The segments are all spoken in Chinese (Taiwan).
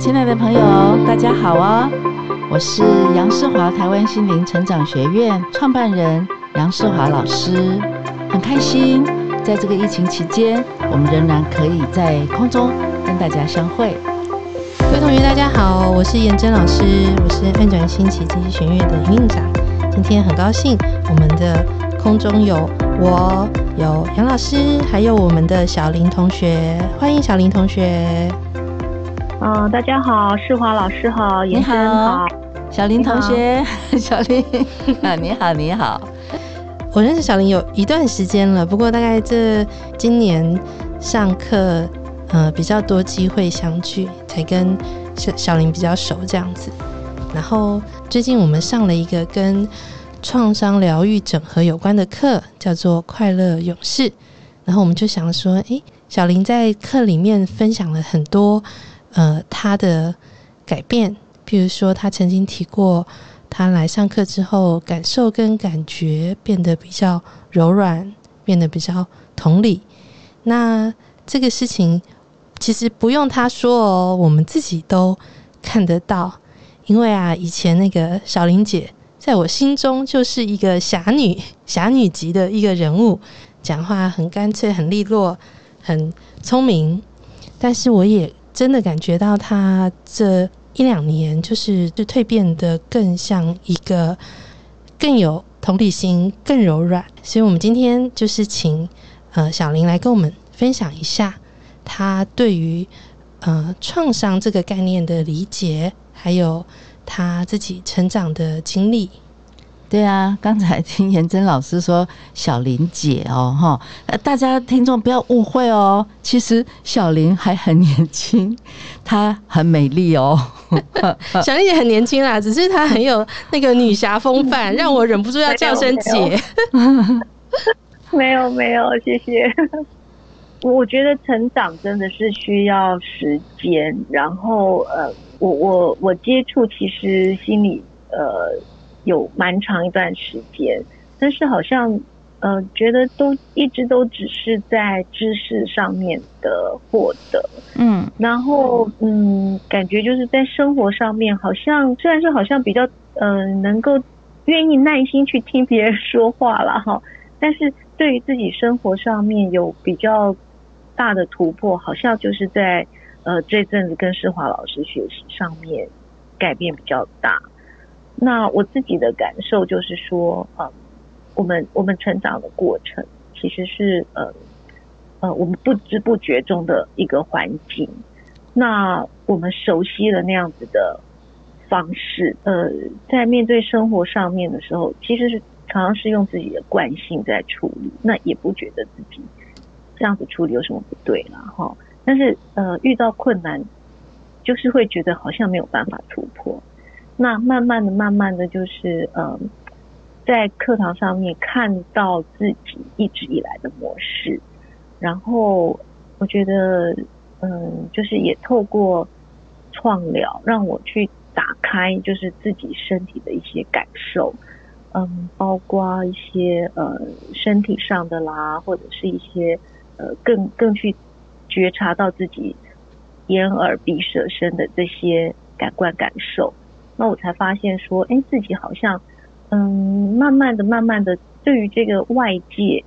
親愛的朋友，大家好啊、哦。我是楊世華，台灣心靈成長學院創辦人楊世華老師，很開心在這個疫情期間，我們仍然可以在空中跟大家相會。各位同學，大家好，我是妍甄老師，我是愛轉心奇蹟學院的院長。今天很高興，我們的空中有我，有楊老師，還有我們的小玲同學，歡迎小玲同學。嗯，大家好，世華老師好，妍甄好，好小玲同學，好小玲， 啊，你好，你好，我認識小玲有一段時間了，不過大概這今年上課，呃，比較多機會相聚，才跟小小玲比較熟這樣子。然後最近我們上了一個跟創傷療癒整合有關的課，叫做快樂勇士。然後我們就想說，哎、欸，小玲在課裡面分享了很多。呃，他的改變，比如說他曾經提過，他來上課之後，感受跟感覺變得比較柔軟，變得比較同理。那這個事情其實不用他說哦，我們自己都看得到。因為啊，以前那個小玲姐，在我心中就是一個俠女，俠女級的一個人物，講話很乾脆、很利落、很聰明。但是我也真的感覺到他這一兩年，就是就蛻變得更像一個更有同理心、更柔軟。所以我們今天就是請呃小玲，來跟我們分享一下他對於呃創傷這個概念的理解，還有他自己成長的經歷。對啊，剛才聽妍甄老師說小玲姐哦哈，大家聽眾不要誤會哦，其實小玲還很年輕，她很美麗哦。 小玲也很年輕啦，只是她很有那個女俠風範，讓我忍不住要叫聲姐。 沒有沒有，沒有，謝謝。我覺得成長真的是需要時間，然後呃，我我我接觸其實心理呃。有蠻長一段時間，但是好像，呃，覺得都一直都只是在知識上面的獲得，嗯，然後嗯，感覺就是在生活上面好像，雖然是好像比較，嗯、呃，能夠願意耐心去聽別人說話了哈，但是對於自己生活上面有比較大的突破，好像就是在呃這陣子跟世華老師學習上面改變比較大。那我自己的感受就是說，嗯、呃，我們我們成長的過程其實是，呃，呃，我們不知不覺中的一個環境。那我們熟悉的那樣子的方式，呃，在面對生活上面的時候，其實是常常是用自己的慣性在處理，那也不覺得自己這樣子處理有什麼不對啦。哈，但是呃，遇到困難，就是會覺得好像沒有辦法突破。那慢慢的、慢慢的，就是嗯，在課堂上面看到自己一直以來的模式，然後我覺得，嗯，就是也透過創療，讓我去打開，就是自己身體的一些感受，嗯，包括一些呃身體上的啦，或者是一些呃更更去覺察到自己眼耳鼻舌身的這些感官感受。那我才發現說，哎、欸，自己好像，嗯，慢慢的、慢慢的，對於這個外界，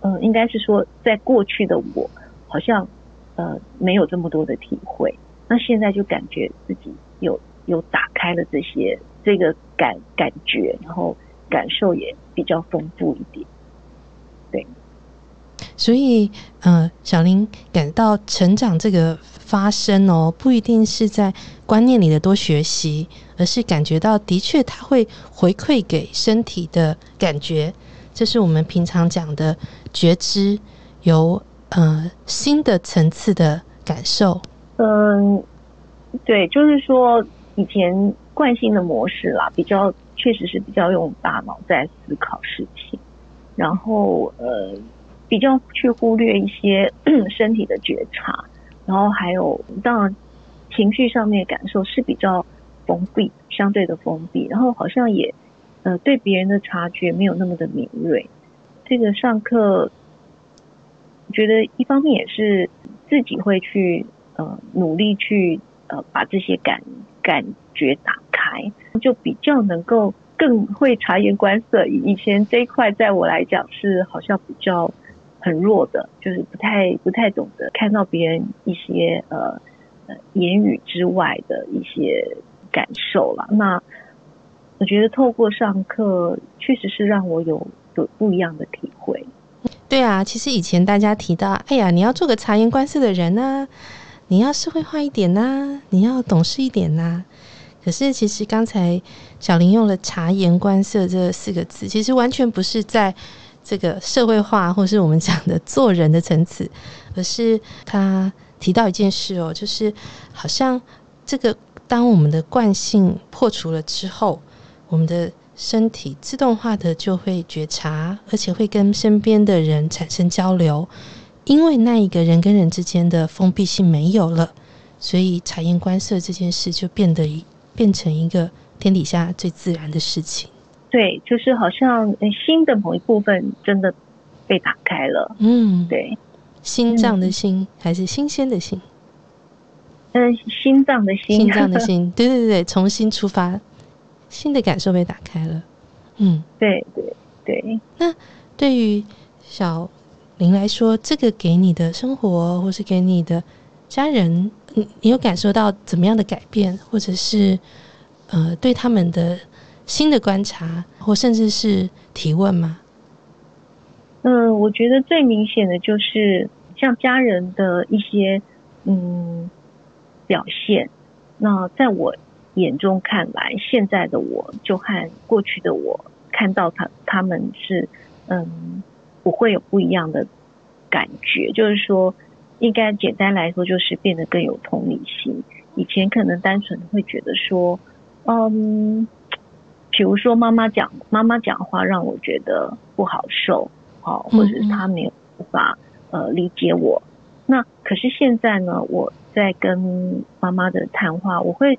嗯、呃，應該是說，在過去的我，好像呃沒有這麼多的體會。那現在就感覺自己有有打開了這些，這個感感覺，然後感受也比較豐富一點。所以，嗯、呃，小玲感到成長這個發生哦，不一定是在觀念裡的多學習，而是感覺到的確它會回饋給身體的感覺，這是我們平常講的覺知有呃新的層次的感受。嗯，對，就是說以前慣性的模式啦，比較確實是比較用大腦在思考事情，然後呃。嗯比較去忽略一些 身體的覺察，然後還有當然情緒上面感受是比較封閉，相對的封閉，然後好像也呃對別人的察覺沒有那麼的敏銳。這個上課覺得一方面也是自己會去呃努力去呃把這些感感覺打開，就比較能夠更會察言觀色。以前這一塊在我來講是好像比較。很弱的，就是不太不太懂得看到別人一些呃，言語之外的一些感受了。那我覺得透過上課，確實是讓我有有不,不一樣的體會。對啊，其實以前大家提到，哎呀，你要做個察言觀色的人呢、啊，你要社會化一點呢、啊，你要懂事一點呢、啊。可是其實剛才小玲用了“察言觀色”這四個字，其實完全不是在。這個社會化，或是我們講的做人的層次，可是他提到一件事哦，就是好像這個當我們的慣性破除了之後，我們的身體自動化的就會覺察，而且會跟身邊的人產生交流，因為那一個人跟人之間的封閉性沒有了，所以察言觀色這件事就變得變成一個天底下最自然的事情。對，就是好像、嗯、心的某一部分真的被打開了。嗯，對，心臟的心、嗯、還是新鮮的心。嗯，心臟的心，心臟的心， 對對對，重新出發，新的感受被打開了。嗯，對對對。那對於小玲來說，這個給你的生活，或是給你的家人，你，你有感受到怎麼樣的改變，或者是呃，對他們的？新的觀察，或甚至是提問嗎？嗯，我覺得最明顯的就是像家人的一些嗯表現。那在我眼中看來，現在的我就和過去的我看到他他們是嗯不會有不一樣的感覺。就是說，應該簡單來說，就是變得更有同理心。以前可能單純會覺得說，嗯。比如說媽媽，媽媽講媽媽講話讓我覺得不好受，哈、哦，或者是她沒有無法呃理解我。嗯嗯那可是現在呢，我在跟媽媽的談話，我會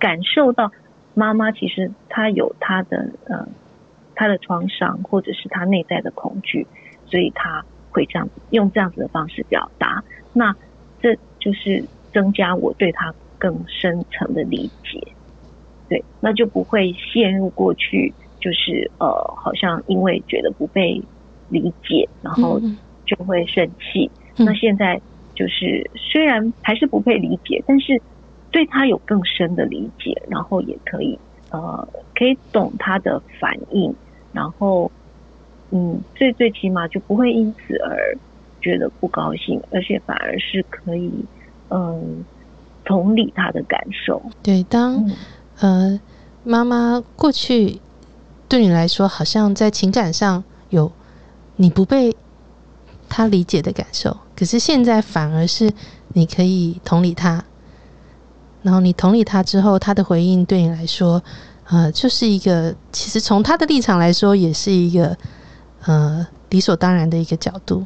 感受到媽媽其實她有她的呃她的創傷，或者是她內在的恐懼，所以她會這樣子用這樣子的方式表達。那這就是增加我對她更深層的理解。對，那就不會陷入過去，就是呃，好像因為覺得不被理解，然後就會生氣。嗯、那現在就是雖然還是不被理解，但是對他有更深的理解，然後也可以呃，可以懂他的反應，然後嗯，最最起碼就不會因此而覺得不高興，而且反而是可以嗯、呃，同理他的感受。對的，當、嗯。呃，媽媽過去對你來說，好像在情感上有你不被他理解的感受，可是現在反而是你可以同理他，然後你同理他之後，他的回應對你來說，呃，就是一個，其實從他的立場來說，也是一個，呃，理所當然的一個角度。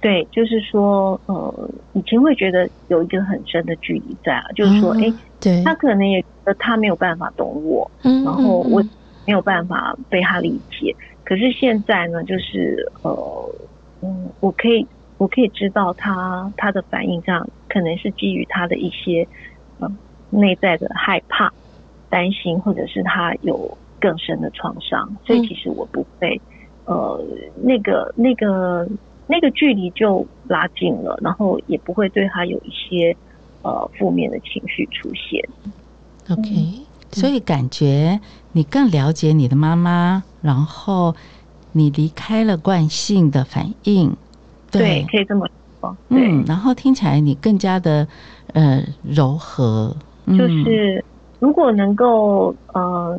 對，就是說，呃，以前會覺得有一個很深的距離在啊，嗯嗯，就是說，哎、欸，對他可能也覺得他沒有辦法懂我，嗯嗯嗯，然後我沒有辦法被他理解。可是現在呢，就是呃，嗯，我可以，我可以知道他他的反應這樣，可能是基於他的一些嗯、呃、內在的害怕、擔心，或者是他有更深的創傷。所以其實我不會，嗯、呃，那個那個。那個距離就拉近了，然後也不會對他有一些呃負面的情緒出現。OK，嗯，所以感覺你更了解你的媽媽，然後你離開了慣性的反應。對，對，可以這麼說。對，嗯，然後聽起來你更加的呃柔和。嗯，就是如果能夠呃。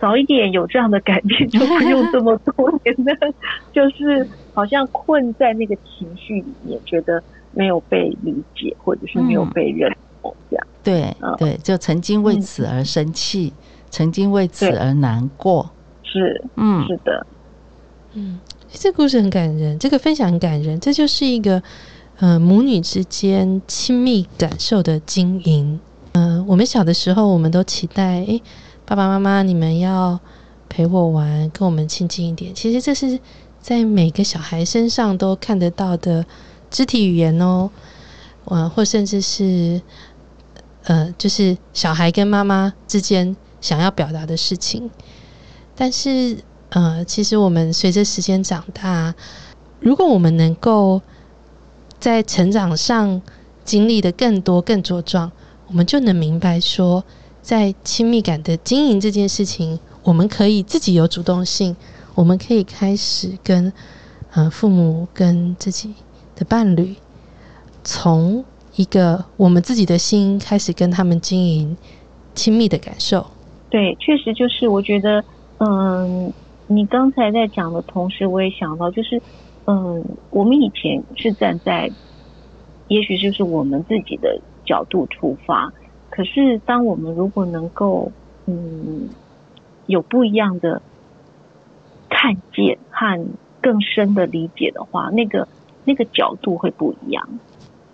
早一點有這樣的改變，就不用這麼多年的 就是好像困在那個情緒裡面，覺得沒有被理解，或者是沒有被認同這樣、嗯。對、嗯、對，就曾經為此而生氣，嗯、曾經為此而難過。是，嗯，是的，嗯，這故事很感人，這個分享很感人。這就是一個，呃，母女之間親密感受的經營。嗯、呃，我們小的時候，我們都期待。欸爸爸媽媽，你們要陪我玩，跟我們親近一點。其實這是在每個小孩身上都看得到的肢體語言哦，呃，或甚至是呃，就是小孩跟媽媽之間想要表達的事情。但是，呃，其實我們隨着時間長大，如果我們能夠在成長上經歷的更多、更茁壯，我們就能明白說。在親密感的經營這件事情，我們可以自己有主動性，我們可以開始跟、呃、父母跟自己的伴侶，從一個我們自己的心開始跟他們經營親密的感受。對，確實就是，我覺得嗯，你剛才在講的同時，我也想到就是嗯，我們以前是站在，也許就是我們自己的角度出發。可是，當我們如果能夠嗯有不一樣的看見和更深的理解的話，那個那個角度會不一樣。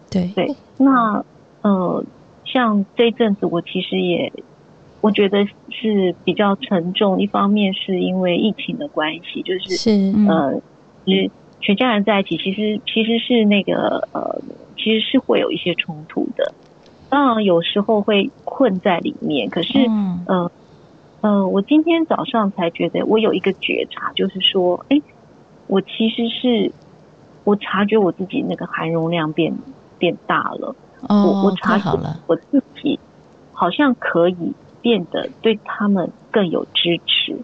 對對，那呃，像這一陣子，我其實也我覺得是比較沉重。一方面是因為疫情的關係，就是是、嗯、呃，全全家人在一起，其實其實是那個呃，其實是會有一些衝突的。當然，有時候會困在裡面。可是，嗯嗯、呃呃，我今天早上才覺得，我有一個覺察，就是說，哎，我其實是我察覺我自己那個含容量變變大了。哦、我我察覺了，我自己好像可以變得對他們更有支持。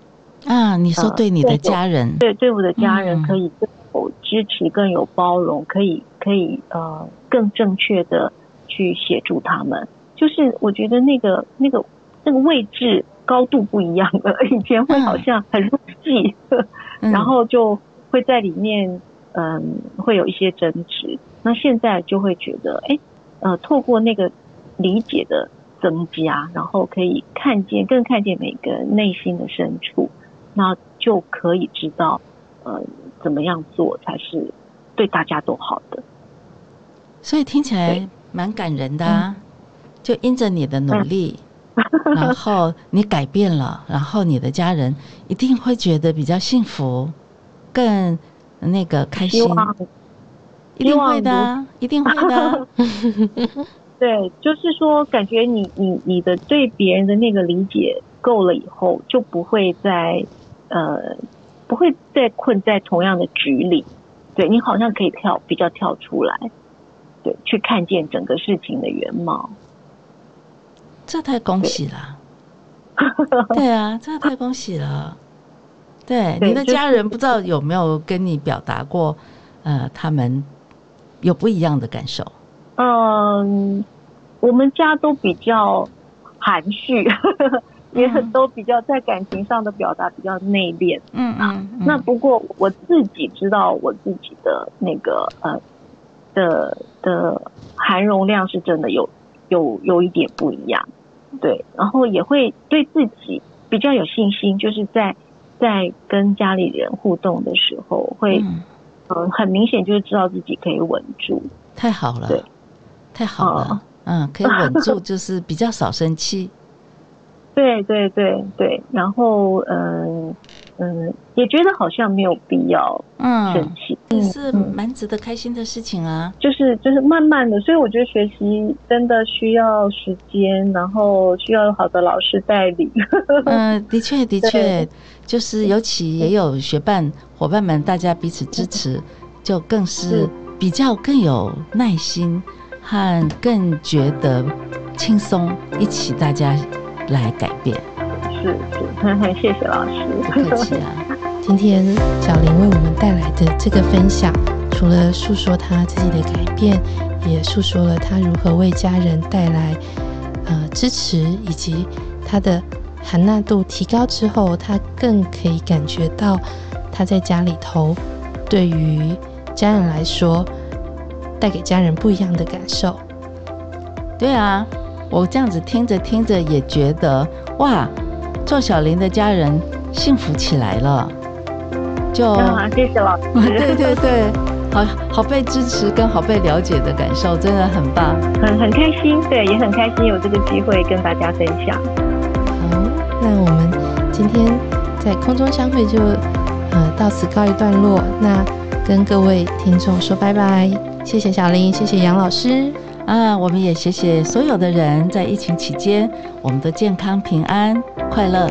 啊，你說對你的家人，呃、對我對我的家人，可以更有支持，嗯、更有包容，可以可以呃，更正確的。去協助他們，就是我覺得那個那個那個位置高度不一樣了，以前會好像很近，嗯、然後就會在裡面，嗯，會有一些爭執。那現在就會覺得，哎，呃，透過那個理解的增加，然後可以看見更看見每個內心的深處，那就可以知道，嗯、呃、怎麼樣做才是對大家都好的。所以聽起來。蠻感人的、啊，嗯、就因着你的努力，嗯、 然後你改變了，然後你的家人一定會覺得比較幸福，更那個開心，希望，一定會的、啊， 一定會的、啊。 對，就是說，感覺你你你的對別人的那個理解夠了以後，就不會再呃，不會再困在同樣的局裡。對，你好像可以跳，比較跳出來。去看見整個事情的原貌，這太恭喜了！對， 對啊，這太恭喜了。對，對你的家人不知道有沒有跟你表達過？就是、呃，他們有不一樣的感受。嗯，我們家都比較含蓄， 也很都比較在感情上的表達比較內斂。嗯嗯。啊、嗯，那不過我自己知道我自己的那個呃。的的含容量是真的有有有一點不一樣，對，然後也會對自己比較有信心，就是在在跟家裡人互動的時候會，會嗯、呃，很明顯就是知道自己可以穩住，太好了，對，太好了，啊、嗯，可以穩住就是比較少生氣， 對對對對，然後嗯。嗯，也覺得好像沒有必要生氣，嗯嗯、是蠻值得開心的事情啊。就是就是慢慢的，所以我覺得學習真的需要時間，然後需要好的老師帶領。 嗯，的確的確，對就是尤其也有學伴對伙伴們，大家彼此支持，對就更是比較更有耐心和更覺得輕鬆，一起大家來改變。是,是，謝謝老師，不客氣啊。今天小玲為我們帶來的這個分享，除了訴說他自己的改變，也訴說了他如何為家人帶來呃支持，以及他的含納度提高之後，他更可以感覺到他在家裡頭對於家人來說，帶給家人不一樣的感受。對啊，我這樣子聽着聽着也覺得哇。祝小玲的家人幸福起來了，就、啊、謝謝老師，對對對，好好被支持跟好被了解的感受真的很棒，很很開心。對，也很開心有這個機會跟大家分享。好，那我們今天在空中相會就呃到此告一段落。那跟各位聽眾說拜拜，謝謝小玲，謝謝楊老師。啊，我們也謝謝所有的人在疫情期間，我們的健康平安快樂。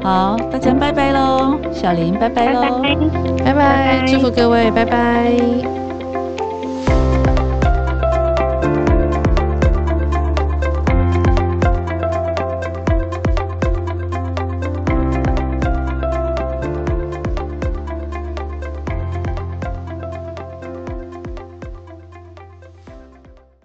好，大家拜拜嘍，小玲拜拜嘍，拜拜，拜拜祝福各位，拜拜。拜拜拜拜。